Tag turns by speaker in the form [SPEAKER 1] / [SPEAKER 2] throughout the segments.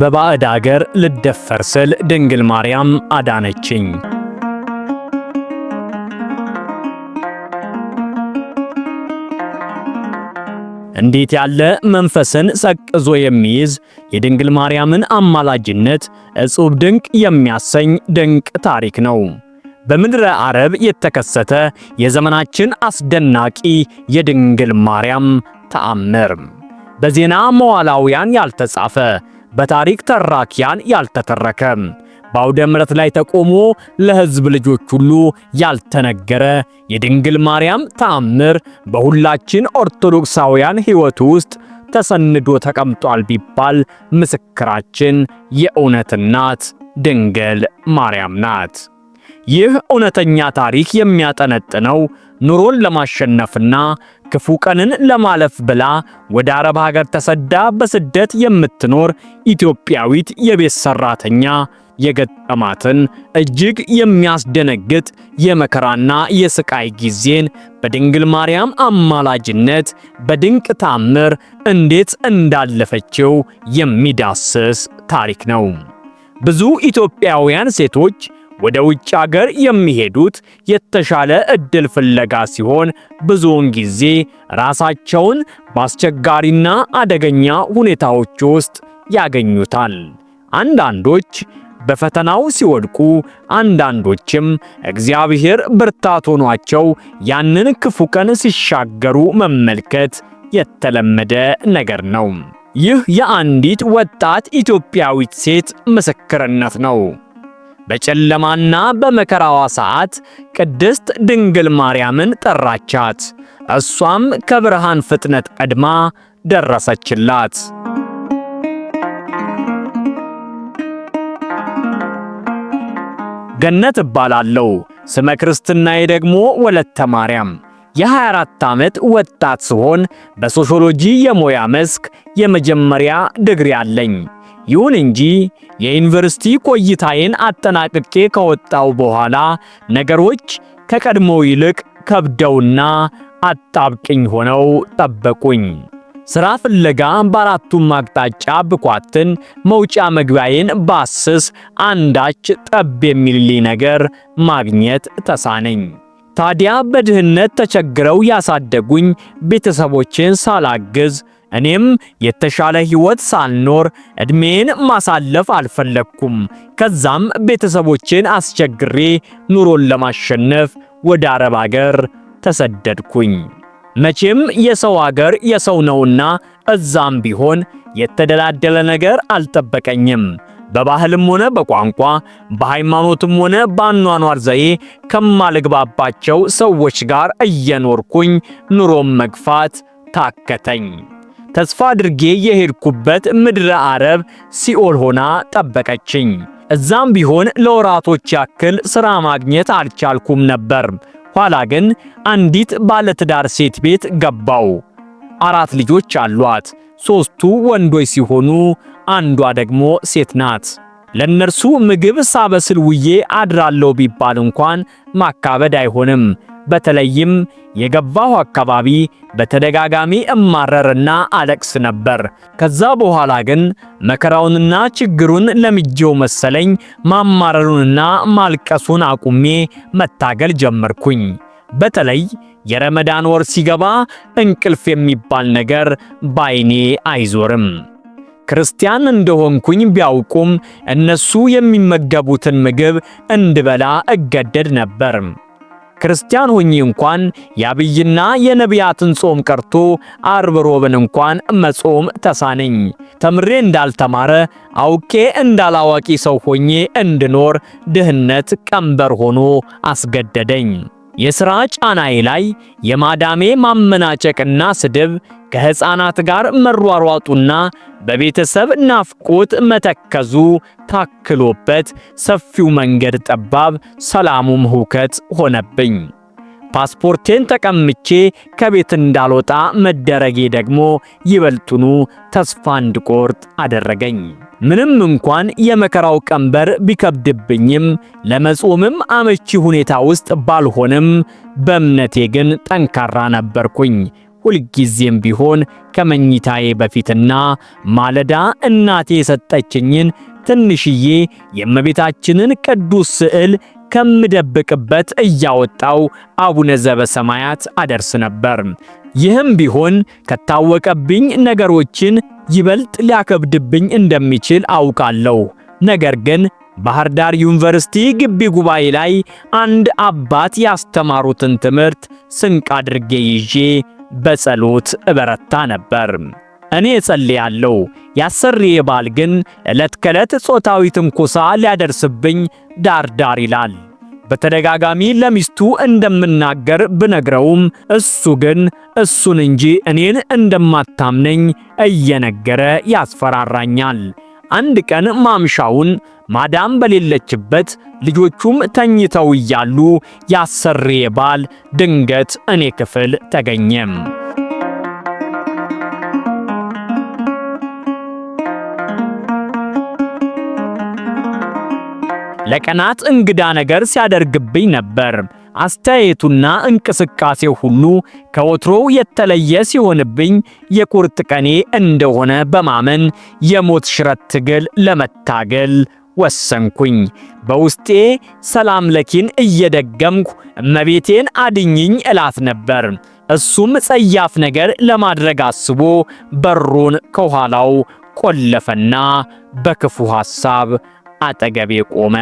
[SPEAKER 1] በባዕድ አገር ልደፈር ስል ድንግል ማርያም አዳነችኝ። እንዴት ያለ መንፈስን ሰቅዞ የሚይዝ የድንግል ማርያምን አማላጅነት እጹብ ድንቅ የሚያሰኝ ድንቅ ታሪክ ነው። በምድረ አረብ የተከሰተ የዘመናችን አስደናቂ የድንግል ማርያም ተአምር በዜና መዋላውያን ያልተጻፈ በታሪክ ተራኪያን ያልተተረከ በአውደ ምረት ላይ ተቆሞ ለሕዝብ ልጆች ሁሉ ያልተነገረ የድንግል ማርያም ተአምር በሁላችን ኦርቶዶክሳውያን ሕይወት ውስጥ ተሰንዶ ተቀምጧል ቢባል ምስክራችን የእውነት እናት ድንግል ማርያም ናት። ይህ እውነተኛ ታሪክ የሚያጠነጥነው ኑሮን ለማሸነፍና ክፉ ቀንን ለማለፍ ብላ ወደ አረብ ሀገር ተሰዳ በስደት የምትኖር ኢትዮጵያዊት የቤት ሰራተኛ የገጠማትን እጅግ የሚያስደነግጥ የመከራና የስቃይ ጊዜን በድንግል ማርያም አማላጅነት በድንቅ ታምር እንዴት እንዳለፈችው የሚዳስስ ታሪክ ነው። ብዙ ኢትዮጵያውያን ሴቶች ወደ ውጭ አገር የሚሄዱት የተሻለ እድል ፍለጋ ሲሆን ብዙውን ጊዜ ራሳቸውን በአስቸጋሪና አደገኛ ሁኔታዎች ውስጥ ያገኙታል። አንዳንዶች በፈተናው ሲወድቁ፣ አንዳንዶችም እግዚአብሔር ብርታት ሆኗቸው ያንን ክፉ ቀን ሲሻገሩ መመልከት የተለመደ ነገር ነው። ይህ የአንዲት ወጣት ኢትዮጵያዊት ሴት ምስክርነት ነው። በጨለማና በመከራዋ ሰዓት ቅድስት ድንግል ማርያምን ጠራቻት። እሷም ከብርሃን ፍጥነት ቀድማ ደረሰችላት። ገነት እባላለሁ። ስመ ክርስትናዬ ደግሞ ወለተ ማርያም የ24 ዓመት ወጣት ሲሆን በሶሾሎጂ የሙያ መስክ የመጀመሪያ ድግሪ አለኝ። ይሁን እንጂ የዩኒቨርሲቲ ቆይታዬን አጠናቅቄ ከወጣው በኋላ ነገሮች ከቀድሞው ይልቅ ከብደውና አጣብቅኝ ሆነው ጠበቁኝ። ሥራ ፍለጋ በአራቱም አቅጣጫ ብኳትን፣ መውጫ መግቢያዬን ባስስ፣ አንዳች ጠብ የሚልልኝ ነገር ማግኘት ተሳነኝ። ታዲያ በድህነት ተቸግረው ያሳደጉኝ ቤተሰቦቼን ሳላግዝ እኔም የተሻለ ህይወት ሳልኖር እድሜን ማሳለፍ አልፈለግኩም። ከዛም ቤተሰቦቼን አስቸግሬ ኑሮን ለማሸነፍ ወደ አረብ አገር ተሰደድኩኝ። መቼም የሰው አገር የሰው ነውና እዛም ቢሆን የተደላደለ ነገር አልጠበቀኝም። በባህልም ሆነ በቋንቋ በሃይማኖትም ሆነ በአኗኗር ዘዬ ከማልግባባቸው ሰዎች ጋር እየኖርኩኝ ኑሮም መግፋት ታከተኝ። ተስፋ አድርጌ የሄድኩበት ምድረ አረብ ሲኦል ሆና ጠበቀችኝ። እዛም ቢሆን ለወራቶች ያክል ሥራ ማግኘት አልቻልኩም ነበር። ኋላ ግን አንዲት ባለትዳር ሴት ቤት ገባው። አራት ልጆች አሏት። ሦስቱ ወንዶች ሲሆኑ አንዷ ደግሞ ሴት ናት። ለእነርሱ ምግብ ሳበስል ውዬ አድራለሁ ቢባል እንኳን ማካበድ አይሆንም። በተለይም የገባሁ አካባቢ በተደጋጋሚ እማረርና አለቅስ ነበር። ከዛ በኋላ ግን መከራውንና ችግሩን ለምጄው መሰለኝ ማማረሩንና ማልቀሱን አቁሜ መታገል ጀመርኩኝ። በተለይ የረመዳን ወር ሲገባ እንቅልፍ የሚባል ነገር ባይኔ አይዞርም። ክርስቲያን እንደሆንኩኝ ቢያውቁም እነሱ የሚመገቡትን ምግብ እንድበላ እገደድ ነበር። ክርስቲያን ሆኜ እንኳን የአብይና የነቢያትን ጾም ቀርቶ አርብ ሮብን እንኳን መጾም ተሳነኝ። ተምሬ እንዳልተማረ አውቄ እንዳላዋቂ ሰው ሆኜ እንድኖር ድህነት ቀንበር ሆኖ አስገደደኝ። የሥራ ጫናዬ ላይ የማዳሜ ማመናጨቅና ስድብ ከሕፃናት ጋር መሯሯጡና በቤተሰብ ናፍቆት መተከዙ ታክሎበት ሰፊው መንገድ ጠባብ፣ ሰላሙም ሁከት ሆነብኝ። ፓስፖርቴን ተቀምቼ ከቤት እንዳልወጣ መደረጌ ደግሞ ይበልጡኑ ተስፋ እንድቆርጥ አደረገኝ። ምንም እንኳን የመከራው ቀንበር ቢከብድብኝም ለመጾምም አመቺ ሁኔታ ውስጥ ባልሆንም በእምነቴ ግን ጠንካራ ነበርኩኝ። ሁልጊዜም ቢሆን ከመኝታዬ በፊትና ማለዳ እናቴ የሰጠችኝን ትንሽዬ የእመቤታችንን ቅዱስ ስዕል ከምደብቅበት እያወጣው አቡነ ዘበሰማያት አደርስ ነበር። ይህም ቢሆን ከታወቀብኝ ነገሮችን ይበልጥ ሊያከብድብኝ እንደሚችል አውቃለሁ። ነገር ግን ባህር ዳር ዩኒቨርሲቲ ግቢ ጉባኤ ላይ አንድ አባት ያስተማሩትን ትምህርት ስንቅ አድርጌ ይዤ በጸሎት እበረታ ነበር። እኔ እጸልያለሁ፣ ያሰሪ ባል ግን ዕለት ከዕለት ጾታዊ ትንኮሳ ሊያደርስብኝ ዳር ዳር ይላል። በተደጋጋሚ ለሚስቱ እንደምናገር ብነግረውም እሱ ግን እሱን እንጂ እኔን እንደማታምነኝ እየነገረ ያስፈራራኛል። አንድ ቀን ማምሻውን ማዳም በሌለችበት ልጆቹም ተኝተው እያሉ ያሰሬ ባል ድንገት እኔ ክፍል ተገኘም። ለቀናት እንግዳ ነገር ሲያደርግብኝ ነበር። አስተያየቱና እንቅስቃሴው ሁሉ ከወትሮው የተለየ ሲሆንብኝ የቁርጥ ቀኔ እንደሆነ በማመን የሞት ሽረት ትግል ለመታገል ወሰንኩኝ። በውስጤ ሰላም ለኪን እየደገምኩ እመቤቴን አድኝኝ እላት ነበር። እሱም ጸያፍ ነገር ለማድረግ አስቦ በሩን ከኋላው ቆለፈና በክፉ ሐሳብ አጠገቤ ቆመ።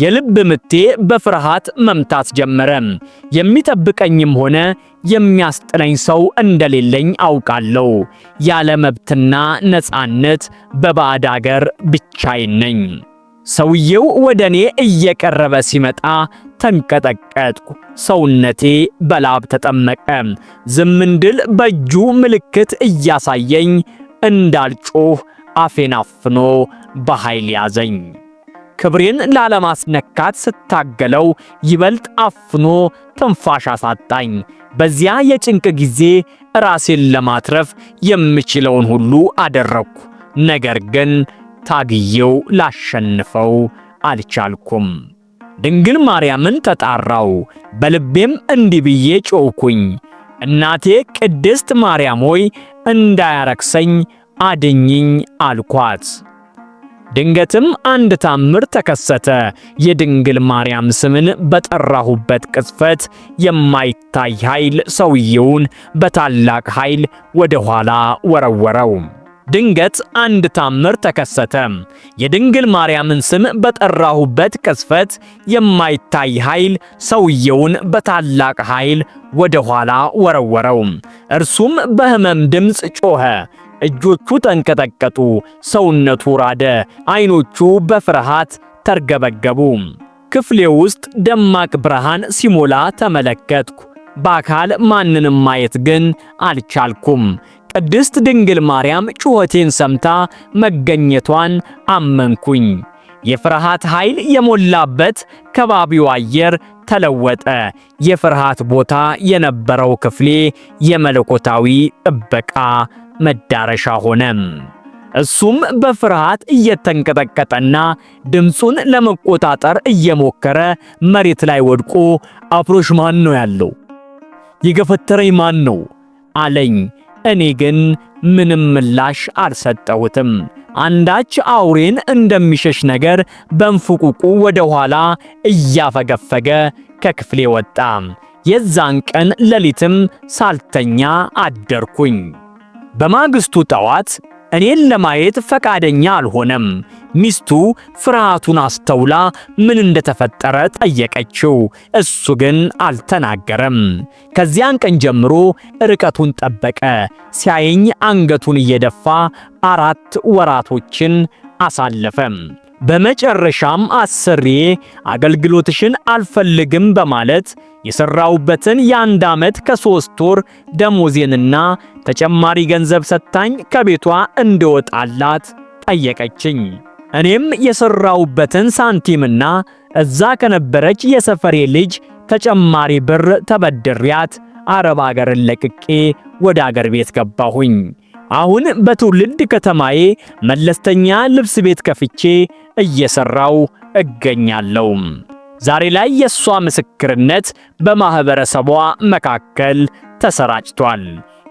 [SPEAKER 1] የልብ ምቴ በፍርሃት መምታት ጀመረ። የሚጠብቀኝም ሆነ የሚያስጥለኝ ሰው እንደሌለኝ አውቃለሁ። ያለ መብትና ነፃነት በባዕድ አገር ብቻዬን ነኝ። ሰውየው ወደ እኔ እየቀረበ ሲመጣ ተንቀጠቀጥኩ። ሰውነቴ በላብ ተጠመቀ። ዝም እንድል በእጁ ምልክት እያሳየኝ እንዳልጮህ አፌን አፍኖ በኃይል ያዘኝ። ክብሬን ላለማስነካት ስታገለው ይበልጥ አፍኖ ትንፋሽ አሳጣኝ። በዚያ የጭንቅ ጊዜ ራሴን ለማትረፍ የምችለውን ሁሉ አደረግኩ። ነገር ግን ታግየው ላሸንፈው አልቻልኩም። ድንግል ማርያምን ተጣራው፣ በልቤም እንዲህ ብዬ ጮውኩኝ፣ እናቴ ቅድስት ማርያም ሆይ እንዳያረክሰኝ አድኝኝ አልኳት። ድንገትም አንድ ታምር ተከሰተ። የድንግል ማርያም ስምን በጠራሁበት ቅጽበት የማይታይ ኃይል ሰውየውን በታላቅ ኃይል ወደ ኋላ ወረወረው። ድንገት አንድ ታምር ተከሰተ። የድንግል ማርያምን ስም በጠራሁበት ቅጽበት የማይታይ ኃይል ሰውየውን በታላቅ ኃይል ወደ ኋላ ወረወረው። እርሱም በሕመም ድምፅ ጮኸ። እጆቹ ተንቀጠቀጡ፣ ሰውነቱ ራደ፣ አይኖቹ በፍርሃት ተርገበገቡ። ክፍሌ ውስጥ ደማቅ ብርሃን ሲሞላ ተመለከትኩ። በአካል ማንንም ማየት ግን አልቻልኩም። ቅድስት ድንግል ማርያም ጩኸቴን ሰምታ መገኘቷን አመንኩኝ። የፍርሃት ኃይል የሞላበት ከባቢው አየር ተለወጠ። የፍርሃት ቦታ የነበረው ክፍሌ የመለኮታዊ ጥበቃ መዳረሻ ሆነ። እሱም በፍርሃት እየተንቀጠቀጠና ድምፁን ለመቆጣጠር እየሞከረ መሬት ላይ ወድቆ አፍሮሽ ማን ነው ያለው? የገፈተረኝ ማን ነው አለኝ። እኔ ግን ምንም ምላሽ አልሰጠሁትም። አንዳች አውሬን እንደሚሸሽ ነገር በንፉቁቁ ወደ ኋላ እያፈገፈገ ከክፍሌ ወጣ። የዛን ቀን ሌሊትም ሳልተኛ አደርኩኝ። በማግስቱ ጠዋት እኔን ለማየት ፈቃደኛ አልሆነም። ሚስቱ ፍርሃቱን አስተውላ ምን እንደተፈጠረ ጠየቀችው። እሱ ግን አልተናገረም። ከዚያን ቀን ጀምሮ ርቀቱን ጠበቀ። ሲያየኝ አንገቱን እየደፋ አራት ወራቶችን አሳለፈም። በመጨረሻም አሰሪዬ አገልግሎትሽን አልፈልግም በማለት የሰራውበትን የአንድ ዓመት ከሶስት ወር ደሞዜንና ተጨማሪ ገንዘብ ሰጥታኝ ከቤቷ እንደወጣላት ጠየቀችኝ። እኔም የሰራውበትን ሳንቲምና እዛ ከነበረች የሰፈሬ ልጅ ተጨማሪ ብር ተበድሪያት አረብ አገርን ለቅቄ ወደ አገር ቤት ገባሁኝ። አሁን በትውልድ ከተማዬ መለስተኛ ልብስ ቤት ከፍቼ እየሰራው እገኛለሁ። ዛሬ ላይ የእሷ ምስክርነት በማህበረሰቧ መካከል ተሰራጭቷል።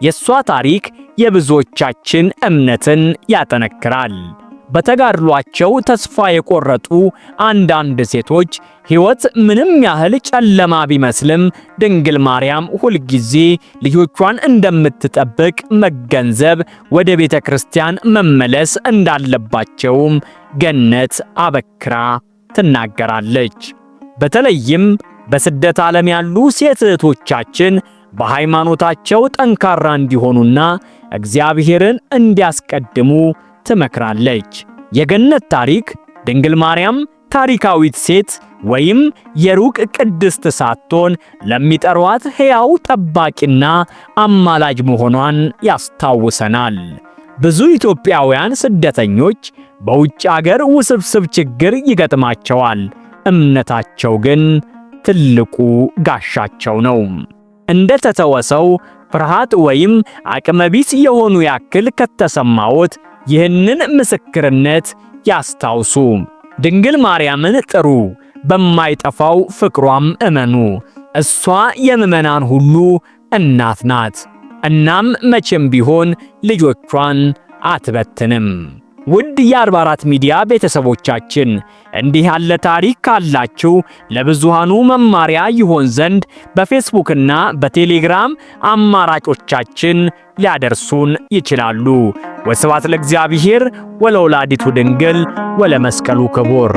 [SPEAKER 1] የእሷ ታሪክ የብዙዎቻችን እምነትን ያጠነክራል። በተጋድሏቸው ተስፋ የቆረጡ አንዳንድ ሴቶች ሕይወት ምንም ያህል ጨለማ ቢመስልም ድንግል ማርያም ሁልጊዜ ልጆቿን እንደምትጠብቅ መገንዘብ ወደ ቤተ ክርስቲያን መመለስ እንዳለባቸውም ገነት አበክራ ትናገራለች። በተለይም በስደት ዓለም ያሉ ሴት እህቶቻችን በሃይማኖታቸው ጠንካራ እንዲሆኑና እግዚአብሔርን እንዲያስቀድሙ ትመክራለች። የገነት ታሪክ ድንግል ማርያም ታሪካዊት ሴት ወይም የሩቅ ቅድስት ሳትሆን ለሚጠሯት ሕያው ጠባቂና አማላጅ መሆኗን ያስታውሰናል። ብዙ ኢትዮጵያውያን ስደተኞች በውጭ አገር ውስብስብ ችግር ይገጥማቸዋል። እምነታቸው ግን ትልቁ ጋሻቸው ነው። እንደ ተተወሰው ፍርሃት ወይም አቅመቢስ የሆኑ ያክል ከተሰማዎት ይህንን ምስክርነት ያስታውሱ። ድንግል ማርያምን ጥሩ፣ በማይጠፋው ፍቅሯም እመኑ። እሷ የምዕመናን ሁሉ እናት ናት። እናም መቼም ቢሆን ልጆቿን አትበትንም። ውድ የ ሚዲያ ቤተሰቦቻችን እንዲህ ያለ ታሪክ ካላችሁ ለብዙሃኑ መማሪያ ይሆን ዘንድ በፌስቡክና በቴሌግራም አማራጮቻችን ሊያደርሱን ይችላሉ። ወስብሐት ለእግዚአብሔር ወለወላዲቱ ድንግል ወለመስቀሉ ክቡር